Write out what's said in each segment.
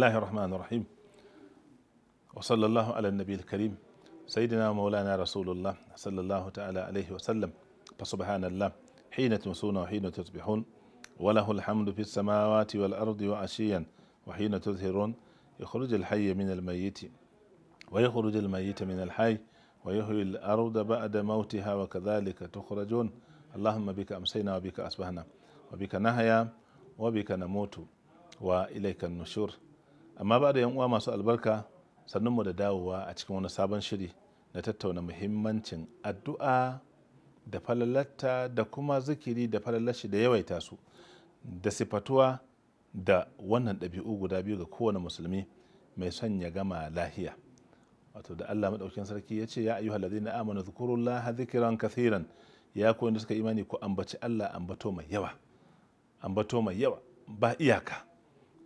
الله الرحمن الرحيم وصلى الله على النبي الكريم سيدنا مولانا رسول الله صلى الله تعالى عليه وسلم فسبحان الله حين تمسون وحين تصبحون وله الحمد في السماوات والأرض وعشيا وحين تظهرون يخرج الحي من الميت ويخرج الميت من الحي ويحيي الأرض بعد موتها وكذلك تخرجون اللهم بك أمسينا وبك أصبحنا وبك نهيا وبك نموت وإليك النشور amma ba da uwa masu albarka sannan mu da dawowa a cikin wani sabon shiri na tattauna muhimmancin addu'a da falalata da kuma zikiri da falalashi da yawaita su da sifatuwa da wannan ɗabi'u guda biyu ga kowane musulmi mai son ya gama lahiya wato da Allah maɗaukin sarki ya ce ya ayyuha na amanu zkurullaha zikiran kathiran ya koyi da suka imani ko ambaci Allah ambato mai yawa ambato mai yawa ba iyaka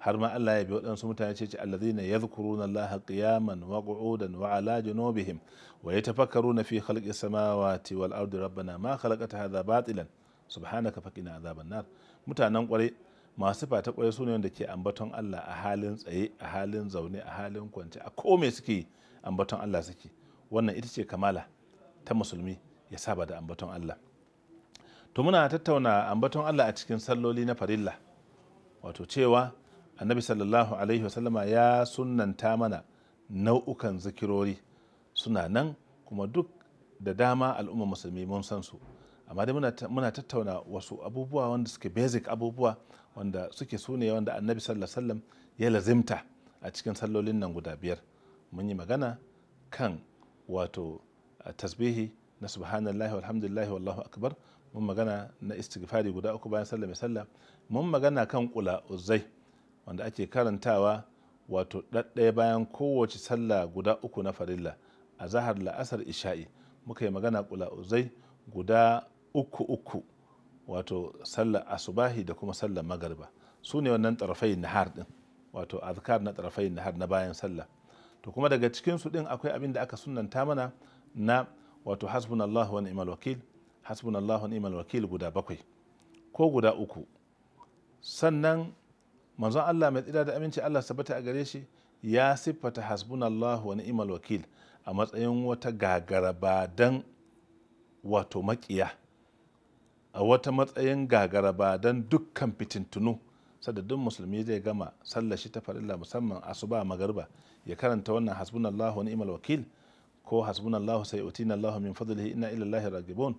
har ma Allah ya bi waɗansu mutane ce ce zukuru na Allah qiyaman wa qu'udan wa ala junubihim wa na fi khalqi samawati wal ardi rabbana ma khalaqta hadha batilan subhanaka faqina azaban nar mutanen ƙwarai masu fata su sune wanda ke ambaton Allah a halin tsaye a halin zaune a halin kwance a kome suke ambaton Allah suke wannan ita ce kamala ta musulmi ya saba da ambaton Allah to muna tattauna ambaton Allah a cikin salloli na farilla wato cewa annabi sallallahu alaihi wasallama ya sunanta mana nau'ukan zikirori suna nan kuma duk da dama al'umma musulmi mun san su amma dai muna tattauna wasu abubuwa wanda suke basic abubuwa wanda suke su ne wanda annabi sallallahu alaihi wasallam ya lazimta a cikin sallolin nan guda biyar mun yi magana kan wato tasbihi na subhanallahi walhamdulillahi wallahu akbar mun magana na istighfari guda uku bayan sallah mai sallah mun magana kan kula uzai. wanda ake karantawa wato ɗaɗɗaya bayan kowace sallah guda uku na farilla a zahar la'asar isha'i muka yi magana kula uzai guda uku uku wato sallah asubahi da kuma sallah magarba su ne wannan tarafai nahar din wato azkar na tarafai nahar na bayan sallah to kuma daga cikin su din akwai abin da aka sunanta mana na wato hasbunallahu wa ni'mal wakil hasbunallahu wa ni'mal wakil guda bakwai ko guda uku sannan manzon Allah mai tsira da aminci Allah sabata a gare shi ya siffata hasbunallahu wa ni'mal wakil a matsayin wata gagarabadan wato makiya a wata matsayin dan dukkan fitintunu sadadin musulmi zai gama sallashi, shi ta farilla musamman asuba magarba ya karanta wannan hasbunallahu wa ni'mal wakil ko hasbunallahu sayutina Allah min fadlihi inna ila Allahi ragibun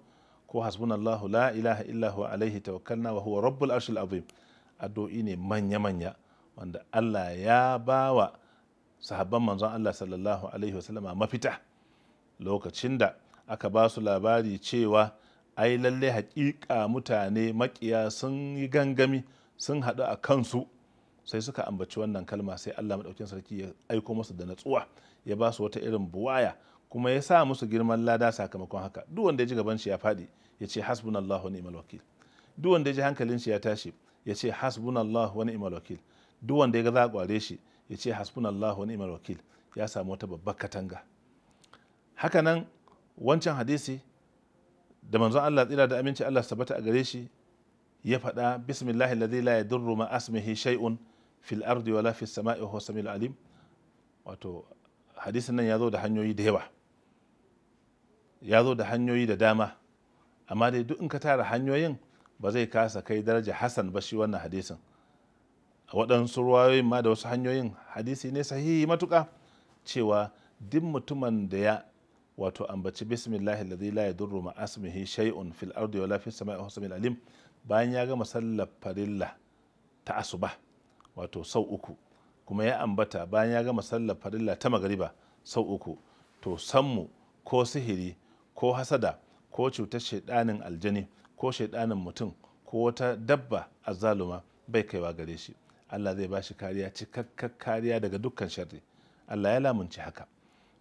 ko hasbunallahu la ilaha illa huwa alaihi tawakkalna wa huwa rabbul arshil azim addu'o'i ne manya-manya wanda Allah ya ba wa sahabban manzon Allah sallallahu alaihi wasallama mafita lokacin da aka ba su labari cewa ai lalle haƙiƙa mutane maƙiya sun yi gangami sun haɗu a kansu sai suka ambaci wannan kalma sai Allah maɗaukin sarki ya aiko musu da natsuwa ya ba su wata irin buwaya kuma ya sa musu girman lada sakamakon haka duk wanda ya ji gaban shi ya faɗi ya ce hasbunallahu ni'mal wakil duk wanda ya ji hankalin shi ya tashi ya ce hasbunallah wani imal wakil duk wanda ya ga za a kware shi ya ce hasbunallah wani imal wakil ya samu wata babbar katanga hakanan wancan hadisi da manzon Allah tsira da aminci Allah sabata a gare shi ya faɗa bismillahi ladhi la yadurru ma asmihi shay'un fil ardi wala fis sama'i wa samil alim wato hadisin nan ya zo da hanyoyi da yawa ya zo da hanyoyi da dama amma dai duk in ka tara hanyoyin ba zai kasa kai daraja hasan ba shi wannan hadisin waɗansu ruwayoyin ma da wasu hanyoyin hadisi ne sahihi matuka. cewa duk mutumin da ya wato ambaci bismillah alladhi la yadurru ma asmihi shay'un fil ardi wala fis sama'i wa samil alim bayan ya gama sallar farilla ta asuba wato sau uku kuma ya ambata bayan ya gama sallar farilla ta magariba sau uku to sammu ko sihiri ko hasada ko cutar shaidanin aljani ko shaidanin mutum ko wata dabba a zaluma bai kaiwa gare shi Allah zai ba shi kariya cikakka kariya daga dukkan sharri Allah ya lamunci haka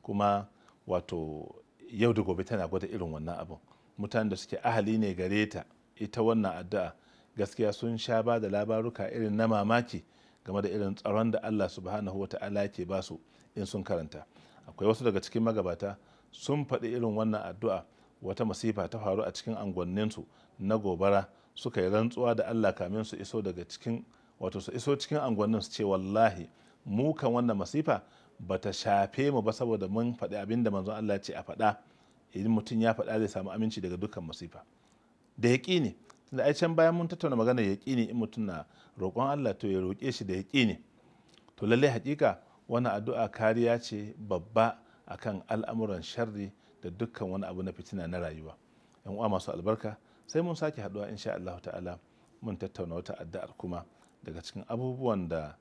kuma wato yau da gobe tana gwada irin wannan abin mutanen da suke ahali ne gare ta ita wannan addu'a gaskiya sun sha ba da labaruka irin na mamaki game da irin tsaron da Allah subhanahu wa ta'ala ke ba su in sun karanta akwai wasu daga cikin magabata sun faɗi irin wannan addu'a wata masifa ta faru a cikin angonninsu na gobara suka yi rantsuwa da allah kamin su iso daga cikin wato su iso cikin angonin su ce wallahi mu kan wannan masifa ba ta shafe mu ba saboda mun faɗi abin da manzon allah ce a faɗa idan mutum ya faɗa zai samu aminci daga dukkan masifa da yaƙini tunda ai can bayan mun tattauna magana yaƙini in mutum na roƙon allah to ya roƙe shi da yaƙini to lallai haƙiƙa wannan addu'a kariya ce babba akan al'amuran sharri da dukkan wani abu na fitina na rayuwa yan uwa masu albarka sai mun sake haduwa insha Allah ta'ala mun tattauna wata addu'ar kuma daga cikin abubuwan da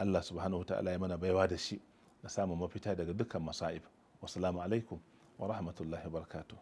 Allah subhanahu ta'ala ya mana baiwa da shi na samun mafita daga dukkan masa'ib wasalamu alaikum wa rahmatullahi barakatuh